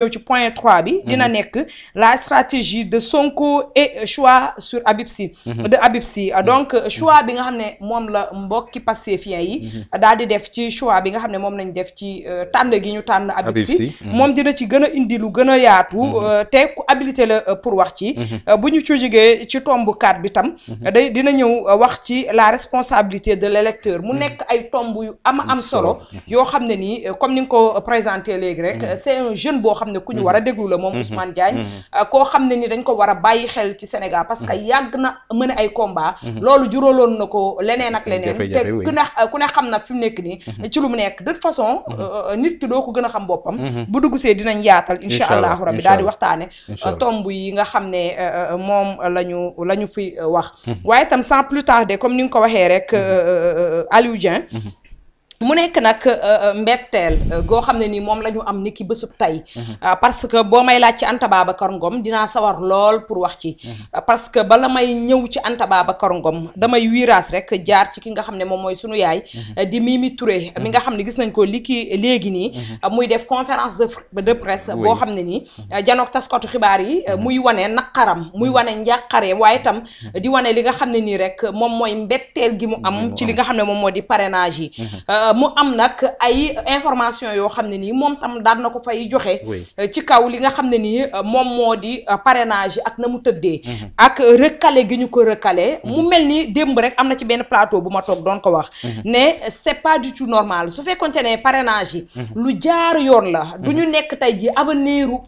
ñëw ci bi. dina mhm. nekk la stratégie de Sonko et choix sur Habib Sy. Mhm. de Habib Sy mhm. donc choix bi nga xam ne moom la mbokki Pastefien yi. daal di def ci choix bi nga xam ne moom lañ def ci euh, tànn gi ñu tànn. Habib Sy moom dina ci gën a indi lu gën a yaatu. Euh, te ku habilité la euh, pour wax ci. buñu ci jógee ci tomb 4 bi tam. day dina ñëw wax ci la responsabilité de lélecteur mu nekk ay tomb yu am am solo yoo xam ne nii comme ni nga ko présenter léegi rek c'est un jeune boo xam xam ne ku ñu mhm. war a déglu la moom mhm. Ousmane Diagne mhm. euh, koo xam ne ni dañ ko war a bàyyi xel ci Sénégal parce que yàgg na mën ay combat loolu juróoloon na ko leneen ak leneen te ku ne ku ne xam na fi mu nekk nii ci lu mu nekk de toute façon euh, euh, nit ki doo ko gën a xam boppam bu duggu see dinañ yaatal insha allahu rabbi daal di waxtaane tomb yi nga xam ne moom la ñu la ñu fi wax waaye tam sans plus tarder comme ni nga ko waxee rek Aliou Dieng mu nekk nag euh, euh, mbetteel euh, goo xam ne nii moom la ñu am ni ki bésub tey mhm. parce que boo may laaj ci Anta Babacar Ngom dinaa sawar lool pour wax ci mhm. parce que bala may ñëw ci Anta Babacar Ngom damay wiiraas rek jaar ci ki nga xam ne moom mooy sunu yaay mhm. di Mimi Touré mi nga xam ne gis nañ ko li ki léegi nii muy def conférence de presse boo xam ne nii janook taskot xibaar yi muy wane naqaram muy wane njàqare waaye tam di wane li nga xam ne nii rek moom mooy mbetteel gi mu am ci li nga xam ne moom moo di parrainage Euh, mu am nag ay information yoo xam ne nii moom tam daal na ko fay joxe. Euh, ci kaw li nga xam ne nii euh, moom moo di parrainage ak na mu tëddee. Mhm. ak recalé gi ñu ko recalé. Mhm. mu mel ni démb rek am na ci benn plateau bu ma toog doon ko wax. Mhm. ne c'est pas du tout normal su fekkoonte ne parrainage yi. lu jaar yoon la. du ñu nekk tey ji aveniru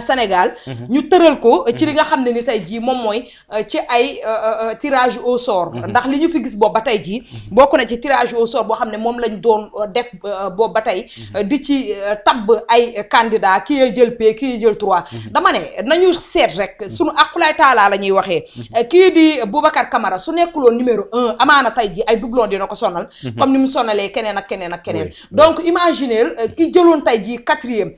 Sénégal mhm. ñu tëral ko ci li mhm. nga xam ne ni tey jii moom mooy euh, ci ay euh, euh, tirage au sort mhm. ndax li ñu fi gis boobu ba tey jii bokk na ci tirage au sort boo xam ne moom lañ doon def boobu ba tey di ci tabb ay kandidaa ki yee jël p ki yee jël trois dama ne nañu seet rek suñu aqulaay taalaa la ñuy waxee kii di Boubacar Camara su nekkuloon numéro un amaana tey jii ay doublon dina ko sonal comme ni mu sonalee keneen ak keneen ak keneen donc imaginer ki jëloon tey jii quatrième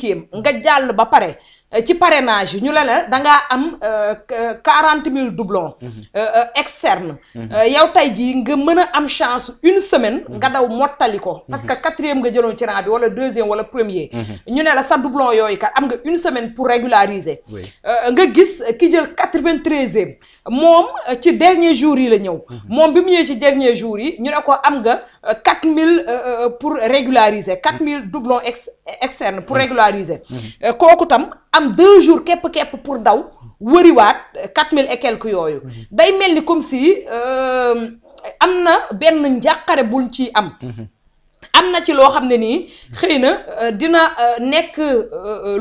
cinquième nga jàll ba pare Euh, ci parrainage yi ñu la la da ngaa am euh, euh, quarante mille doublons mhm. externe mhm. yow tey jii nga mën a am chance une semaine mhm. nga daw mottali ko parce que quatrième nga jëloo ci rang bi wala deuxième wala premier ñu ne la sa doublon yooyu kat am nga une semaine pour régulariser nga gis ki jël quatre-vingt-treizième moom ci dernier jour yi la ñëw moom bi mu ñëwee ci dernier jour yi ñu ne ko am nga quatre mille pour régulariser quatre mille doublons ex externe pour régulariser kooku tam am deux jours képp-képp pour daw wëriwaat quatre mille et quelques yooyu mhm. day mel ni comme si euh, am na benn njàqare buñ ci am mhm. am na ci loo xam ne nii xëy na euh, dina euh, nekk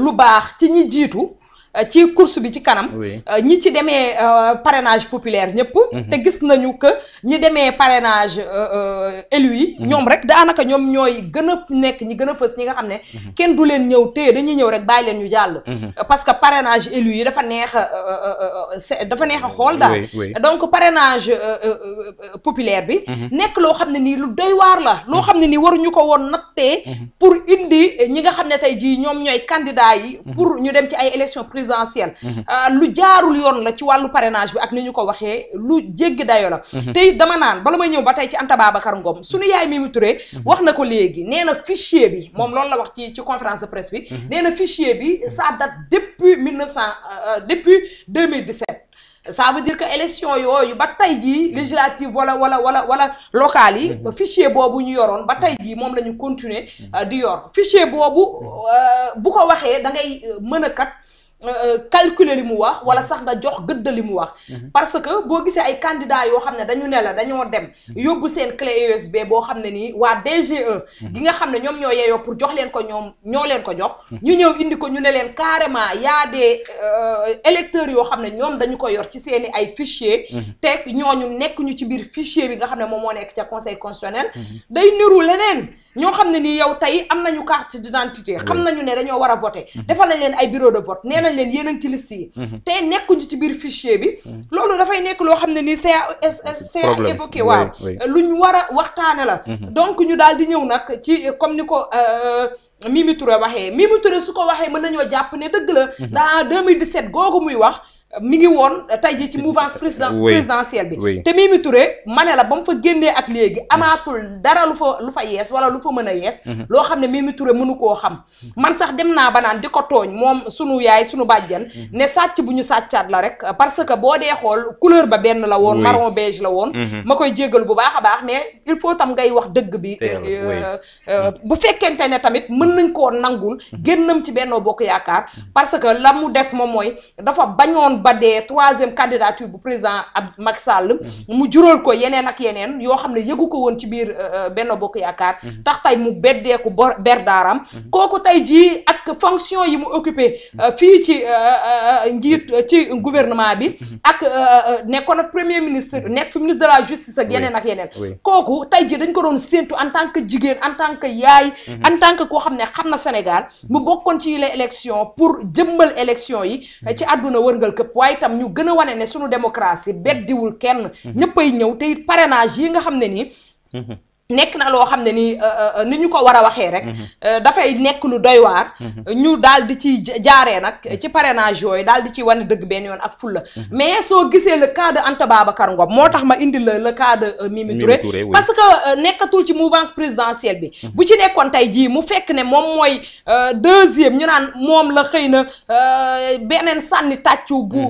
lu baax ci ñi jiitu ci course bi ci kanam. Euh, ñi ci demee euh, parenage populaire ñëpp. Mhm. te gis nañu que ñi demee parrainage euh, élu yi. Mhm. ñoom rek daanaka ñoom ñooy gën a nekk ñi gën a fës ñi nga xam ne. Mhm. kenn du leen ñëw te dañuy ñëw rek bàyyi leen ñu jàll. parce que parrainage élu yi dafa neex. dafa neex a euh, xool daal donc parrainage euh, euh, populaire bi mhm. nekk loo xam ne nii lu doy waar la loo xam ne nii war ñu ko woon nattee mhm. pour indi ñi nga xam ne tey jii ñoom ñooy candidat yi mhm. pour ñu dem ci ay élection présidentielle lu jaarul yoon la ci wàllu parrainage bi ak ni ñu ko waxee lu jéggi dayo la tey dama naan bala may ñëw ba tey ci Anta Babacar Ngom suñu yaay Mimi Touré wax na ko léegi nee na fichier bi moom loolu la wax ci ci conférence de bi nee na bi ça date depuis mille neuf ça veut dire que élection yooyu ba tey jii législative wala wala wala wala locale yi mhm. fichier boobu ñu yoroon ba tey jii moom la ñu continuer mhm. euh, di yor fichier boobu mhm. euh, bu ko waxee dangay ngay euh, mën a kat Euh, calculer li mu wax wala sax nga jox gëdd li mu wax. Mhm. parce que boo gisee ay candidats yoo xam ne dañu ne la dañoo dem. Mhm. yóbbu seen clé USB boo xam ne nii waa DGE. Mhm. gi nga xam ne ñoom ñoo yeyoo pour jox leen ko ñoom ñoo leen ko jox. ñu ñëw indi ko ñu ne leen carrément yaa des euh, électeurs yoo xam ne ñoom dañu ko yor ci seen ay fichier te ñooñu nekk ñu ci biir fichier bi nga xam ne moom moo nekk ca conseil constitutionnel. day niru leneen. ñoo xam ne nii yow tey am nañu carte d'identité xam nañu ne dañoo war a voter mm-hmm. defal nañ leen ay bureau de vote nee nañ leen yéen a ngi ci liste yi mm-hmm. te nekkuñu ci biir fichier bi mm-hmm. loolu dafay nekk loo xam ne nii CA évoqué waaw lu ñu war a waxtaane la donc ñu daal di ñëw nag ci comme ni ko euh, Mimi Touré waxee Mimi Touré su ko waxee mën nañoo jàpp ne dëgg la dans 2017 googu muy wax mi ngi woon tey jii ci mouvance président présidentielle bi te Mimi Touré ma ne la ba mu fa génnee ak léegi mm-hmm. amaatul dara lu fa lu fa yees wala lu fa mën a yees mm-hmm. loo xam ne mi Touré mënu koo xam mm-hmm. man sax dem naa ba naan di ko tooñ moom sunu yaay sunu bàjjan ne sàcc bu ñu sàccaat la rek parce que boo dee xool couleur ba benn la woon marron beige la woon ma koy jéggal bu baax a baax mais il faut tam ngay wax dëgg bi euh, euh, euh, bu fekkente ne tamit mën nañ koo nangul génnam ci Benno Bokk Yaakaar parce que la mu def moom mooy ba Badé troisième candidature bu président ab Macky Sall. Mhm. mu jural ko yeneen ak yeneen yoo xam ne yëgu ko woon ci biir euh, euh, benn bokk yaakaar. Mhm. tax tay mu beddeeku bor berdaaram. Mhm. kooku tey jii ak fonction yi mu occupé euh, fii ci njiit ci gouvernement bi. ak nekkoon ak premier ministre nekk fi ministre de la justice ak yeneen ak yeneen. kooku tey jii dañ ko doon séntu en tant que jigéen en tant que yaay. en tant que koo xam ne xam na Sénégal mu bokkoon ci les élections pour jëmmal élections yi ci àdduna wërngal këpp fépp waaye itam ñu gën a wane ne suñu démocratie beddiwul kenn mhm. ñëppay ñëw te it parrainage yi nga xam ne nii mhm. nekk na loo xam ne ni euh, euh, euh, ni ñu ko war a waxee rek. Mhm. dafay nekk lu doy mhm. ñu daal di ci jaaree nag ci mhm. parrainage yooyu daal di ci wane dëgg benn yoon ak fulla mais soo gisee le cas de Anta Babacar Ngom moo tax ma indi la le cas de Mimi Touré parce que nekkatul ci mouvance présidentielle bi. bu ci nekkoon tey jii mu fekk ne moom mooy deuxième ñu naan moom la xëy na beneen sànni tàccu bu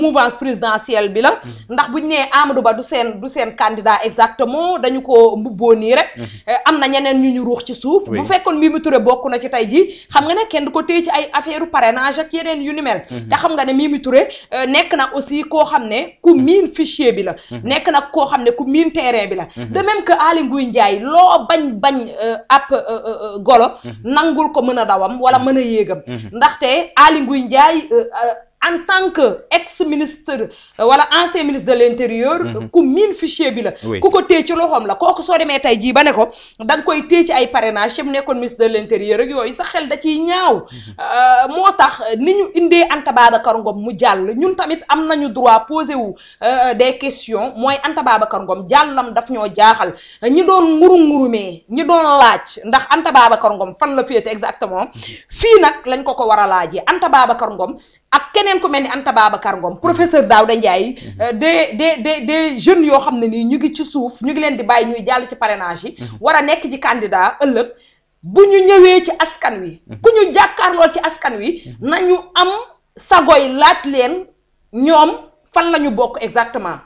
mouvance présidentielle bi la. ndax bu ñu nee Amadou Ba du seen du seen candidat exactement dañu ko mbubboon nii rek mhm. eh, am na ñeneen ñu ñu ruux ci suuf bu fekkoon Mimi Touré na ci tey jii xam nga ne kenn du ko téye ci ay affaire parrainage ak yeneen yu ni mel mhm. te xam nga ne Mimi Touré eh, nekk na aussi koo xam ne ku mhm. miin fichier bi la nekk na koo xam ne ku miin terrain bi la de même que Aly Ngouille njaay loo bañ bañ eh, ab golo nangul ko mën a dawam wala mën a yéegam ndaxte Aly Ngouille Ndiaye en tant que ex ministre euh, wala ancien ministre de l' intérieur. Mhm. ku miin fichier bi la. ku ko téye ci loxoom la kooku soo demee tey jii ba ne ko da koy téye ci ay parrainage yëpp nekkoon ministre de l' intérieur ak yooyu sa xel da ciy ñaaw. Mhm. Euh, moo tax ni ñu indee Anta Babacar Ngom mu jàll ñun tamit am nañu droit poser wu euh, des questions mooy Anta Babacar Ngom jàllam daf ñoo jaaxal ñi doon nguru ngurumee ñi doon laaj ndax Anta Babacar Ngom fan la féete exactement mhm. fii nag lañ ko ko war a laajee Anta Babacar ak keneen ku mel ni Anta Babacar Ngom professeur Daouda Ndiaye mhm. euh, des des de des jeunes yoo xam ne nii ñu ngi ci suuf ñu ngi leen di bàyyi ñuy jàll ci parrainage yi mhm. war a nekk ci kandidaa ëllëg bu ñu ñëwee ci askan wi mhm. ku ñu jàkkaarloo ci askan wi nañu am sagoy laaj leen ñoom fan la ñu bokk exactement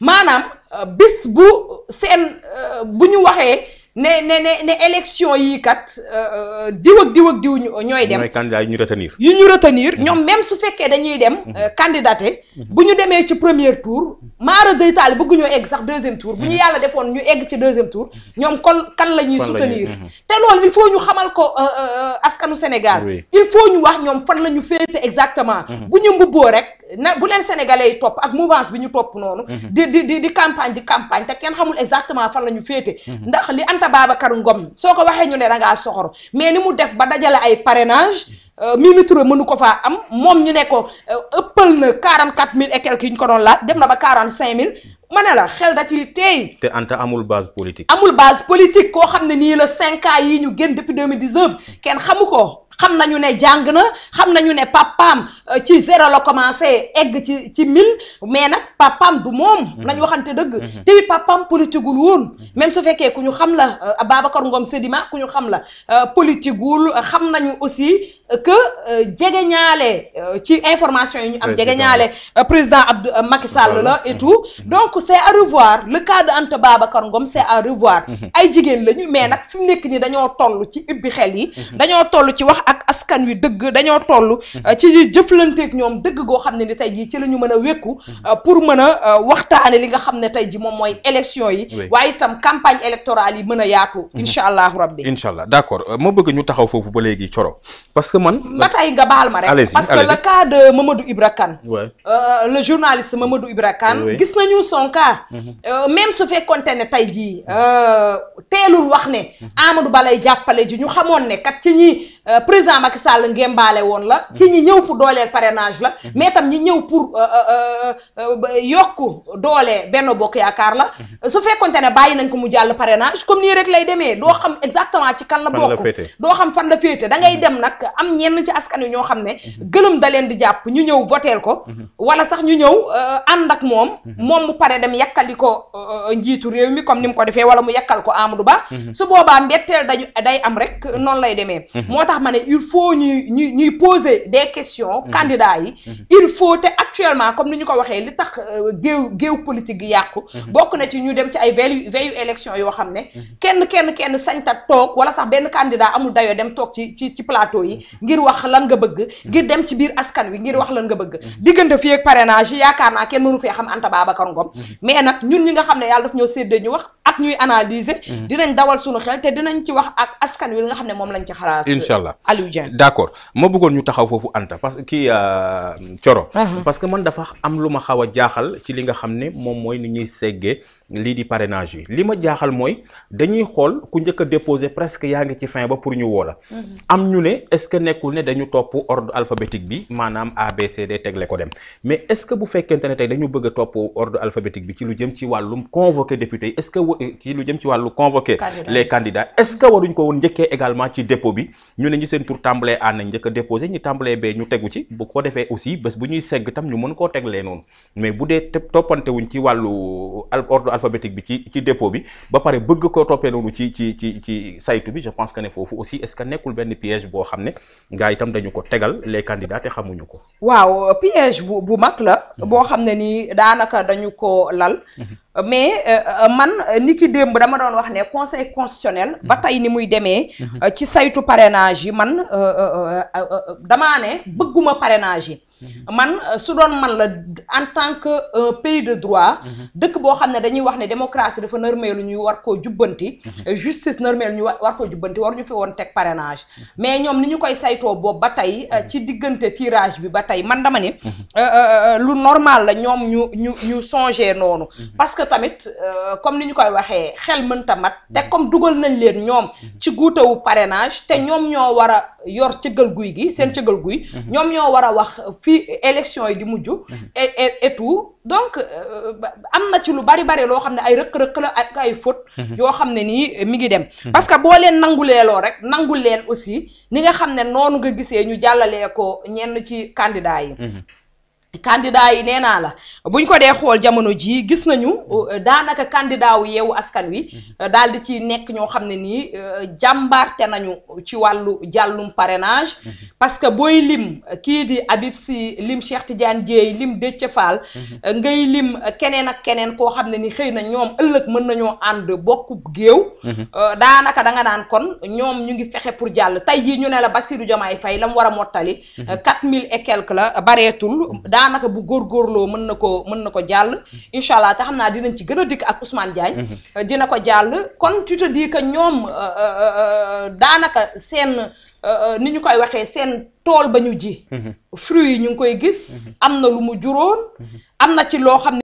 maanaam euh, bis bu seen euh, bu ñu waxee ne ne ne ne élection yii kat euh, euh, diw ak diw ak diw ñooy dem. ñooy candidat yu ñu retenir. yu ñu retenir mhm. ñoom même su fekkee dañuy dem. Mhm. Euh, candidaté mhm. bu ñu demee ci première tour. maara day taal bëgg ñoo egg sax deuxième tour. bu ñu yàlla defoon ñu egg ci deuxième tour. ñoom kon kan la ñuy soutenir. te loolu il faut ñu xamal ko askanu Sénégal. il faut ñu wax ñoom fan la ñu féete exactement. bu ñu mbubboo rek. na bu leen sénégalee yi topp ak mouvance bi ñu topp noonu. Mhm. di di di di campagne di campagne te kenn xamul exactement fan la ñu féete. Mhm. ndax li Anta baaba Babacar Ngom soo ko waxee ñu ne da ngaa soxor mais ni mu def ba dajale ay parrainage euh, Mimi mënu ko faa am moom ñu ne ko euh, ëppal na 44000 et quelques yi ñu ko doon laaj dem na ba 45000. ma ne la xel da ci tey. te Anta amul base politique. amul base politique koo xam ne nii la 5 ans yii ñu génn depuis 2019 kenn xamu ko. xam nañu ne jàng na xam nañu ne papaam euh, ci zéro la commencé egg ci ci mille mais nag papaam du moom. Mhm. nañ waxante dëgg. Mhm. te it papaam politigul woon. Mhm. même su fekkee ku ñu xam la euh, Babacar Ngom Sedima ku ñu xam la euh, politigul xam nañu aussi que jege ñaale ci information yi ñu am. jege ñaale président Abdou Macky Sall la et tout donc c' est à revoir le cas de Anta Babacar Ngom c' est à revoir. ay jigéen lañu mais nag fi mu nekk nii dañoo toll ci ubbi xel yi. dañoo toll ci wax. ak askan wi dëgg dañoo toll mhm. ci jëflanteeg ñoom dëgg goo xam ne ni tey jii ci la ñu mën a wékku mhm. euh, pour mën a euh, waxtaane li nga xam ne tey ji moom mooy élection yi waaye itam campagne électorale yi mën a yaatu mhm. incha allah rabbi incha allah d' accord euh, ma bëgg ñu taxaw foofu ba léegi coro parce que man ba tey nga baal ma rek parce que le cas de Mamadou Ibra Kane le journaliste Mamadou Ibra Kane gis nañu son cas même su fekkonte ne tey jii teelul wax ne Amadou Ba lay jàppale ji ñu xamoon ne kat ci ñi Euh, président Macky Sall ngembaale woon la. Mm-hmm. ci ñi ñëw pour dooleel parrainage la. Mm-hmm. mais tam ñi ñëw pour euh, euh, yokk doole benn bokk yaakaar la. Mm-hmm. su fekkonte ne bàyyi nañ ko mu jàll parrainage comme nii rek lay demee doo xam exactement ci kan la. bokk doo xam fan la féete dangay dem nag am ñenn ci askan wi ñoo xam ne. gëlëm da leen di jàpp ñu ñëw voteel ko. wala sax ñu ñëw ànd ak moom. moom mu pare dem yàkkali ko njiitu réew mi comme ni mu ko defee wala mu yàkkal ko Amadou Ba. su boobaa mbetteel dañu day am rek noonu lay demee. tax ma ne il faut ñuy ñuy ñuy poser des questions. Mhm. candidats yi. Mhm. il faut te actuellement comme ni ñu ko waxee li tax euh, géew géew politique gi yàqu. Mhm. bokk na ci ñu dem ci ay veille veu élection yoo xam ne. kenn kenn kenn sañ ta toog wala sax benn candidat amul dayoo dem toog ci ci ci plateau yi ngir wax lan nga bëgg. ngir dem ci biir askan wi ngir wax lan nga bëgg. diggante fii ak parrainage yi yaakaar naa kenn mënu fee xam Anta Babacar Ngom mais nag ñun ñi nga xam yàlla ñoo séddee ñu wax. ak ñuy mm-hmm. dinañ dawal suñu xel te dinañ ci wax ak askan wi nga xam ne moom lañ ci xalaat. incha allah Aliou Dieng d' accord ma bëggoon ñu taxaw foofu Anta parce que kii Coro. Euh, uh-huh. parce que man dafa am lu ma xaw a jaaxal ci li nga xam ne moom mooy ni ñuy seggee lii di parrainage yi li ma jaaxal mooy dañuy xool ku njëkk déposé presque yaa ngi ci fin ba pour ñu woo la. Mm-hmm. am ñu ne est ce que nekkul ne dañu topp ordre alphabétique bi maanaam ABCD tegle ko dem mais est ce que bu fekkente ne tey dañu bëgg a topp ordre alphabétique bi ci lu jëm ci wàllum convoqué député yi est convoqué kii lu jëm ci wàllu convoqué les candidats est-ce que waruñ ko woon njëkkee également ci dépôt bi ñu ne ñi seen tur tàmbalee A nañ déposé ñu tàmbalee B ñu tegu ci bu ko defee aussi bés bu ñuy segg tam ñu mën koo teglee noonu mais bu dee toppante ci wàllu ordre alphabétique bi ci ci dépôt bi ba pare bëgg ko toppee noonu ci ci ci ci saytu bi je pense que ne foofu aussi est nekkul benn piège boo xam ne gaa itam dañu ko tegal le candidats te xamuñu ko waaw piège bu bu mag la mhm. boo mais euh, euh, man euh, ni ki démb dama doon wax ne conseil constitutionnel. Mhm. ba tey ni muy demee. Mhm. ci saytu parrainage yi man damaa ne bëgguma parrainage yi. Mm-hmm. man euh, su doon man la en tant que un euh, pays de droit mm-hmm. dëkk boo xam ne dañuy wax ne démocratie dafa nërmeelu ñuy war koo jubbanti justice nërmeelu ñu war koo jubbanti mm-hmm. euh, war ñu fi woon teg parrainage mais ñoom ni ñu koy saytoo boobu ba tey ci diggante tirage bi ba tey man dama ne lu normal la ñoom ñu ñu ñu songé noonu parce que tamit comme ni ñu koy waxee xel mënta mat te comme dugal nañ leen ñoom ci guutawu parrainage te ñoom ñoo war a yor cëggal guy gi seen cëggal guy ñoom ci élection yi di mujj. Mhm. et donc euh, am na ci lu bari bari loo xam ne ay rëq-rëq la ak ay faute. Mhm. yoo xam ne nii mi ngi dem. Mhm. parce que boo leen nanguleeloo rek nangu leen aussi ni nga xam ne noonu nga gisee ñu jàllalee ko ñenn ci candidat yi. candidat yi nee naa la buñ ko dee xool jamono jii gis nañu euh, daanaka kandidaa wu yeewu askan wi mhm. daal di ci nekk ñoo xam ne nii euh, jàmbarte nañu ci wàllu jàllum parenage mhm. parce que booy lim euh, kii di Habib Sy lim Cheikh Tidiane Dièye lim Déthié Fall mhm. ngay lim keneen ak keneen koo xam ne ni xëy na ñoom ëllëg mën nañoo ànd bokkub géew daanaka da nga naan kon ñoom ñu ngi fexe pour jàll tey jii ñu ne la Bassirou Diomaye fay la mu war a mottali quatre mille et quelque la bareetul daanaka bu góorloo mën na ko mën na ko jàll mm-hmm. incha allah te xam naa dinañ ci gën a dikk ak Ousmane Diagne mm-hmm. dina ko jàll kon tu te dis que ñoom euh, euh, euh, daanaka seen ni ñu koy waxee seen tool ba ñu ji mm-hmm. fruits yi ñu ngi koy gis am na lu mu juróon am na ci loo xam